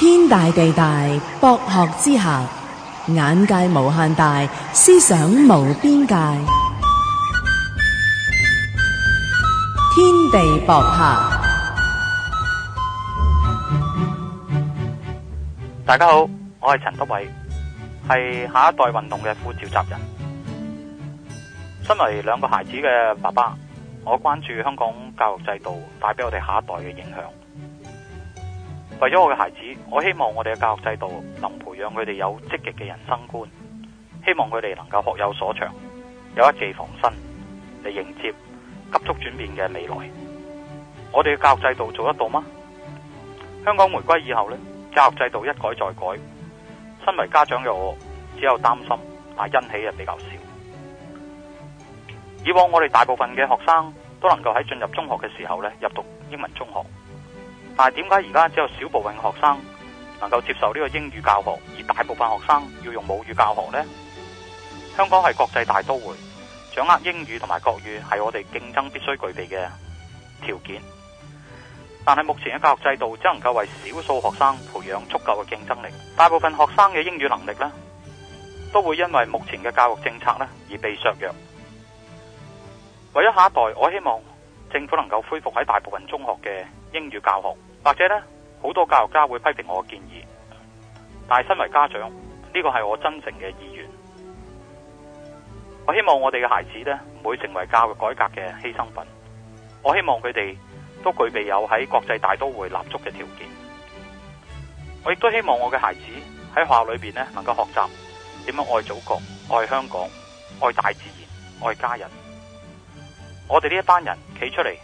天大地大，博客之下，眼界無限大，思想無邊界。天地博客，大家好，我係陳德偉，係下一代運動嘅副召集人。身為兩個孩子嘅爸爸，我關注香港教育制度帶俾我哋下一代嘅影響。為咗我嘅孩子，我希望我哋嘅教育制度能培養佢哋有積極嘅人生觀，希望佢哋能夠學有所長，有一技防身，嚟迎接急速轉變嘅未來。我哋嘅教育制度做得到嗎？香港回歸以後呢，教育制度一改再改，身為家長嘅我，只有擔心，但欣喜又比較少。以往我哋大部分嘅學生都能夠喺進入中學嘅時候咧入讀，但係點解而家只有少部分學生能夠接受呢個英語教學，而大部分學生要用母語教學呢？香港係國際大都會，掌握英語同埋國語係我哋競爭必須具備嘅條件。但係目前嘅教育制度只能夠為少數學生培養足夠嘅競爭力，大部分學生嘅英語能力呢，都會因為目前嘅教育政策呢而被削弱。為咗下一代，我希望政府能夠恢復喺大部分中學嘅英語教學。或者呢，好多教育家會批評我嘅建議，但係身為家長，呢、這個係我真正嘅意願。我希望我哋嘅孩子呢，唔會成為教育改革嘅犧牲品。我希望佢哋都具備有喺國際大都會立足嘅條件。我亦都希望我嘅孩子喺學校裏邊呢，能夠學習點樣愛祖國、愛香港、愛大自然、愛家人。我哋呢一班人企出嚟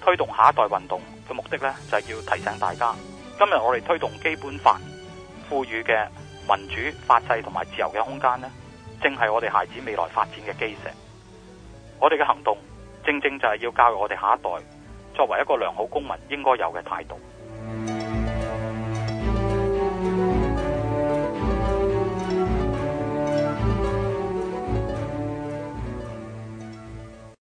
推動下一代運動嘅目的咧，就係要提醒大家，今日我哋推動基本法賦予嘅民主、法制同埋自由嘅空間呢，正係我哋孩子未來發展嘅基石。我哋嘅行動，正正就係要教育我哋下一代，作為一個良好公民應該有嘅態度。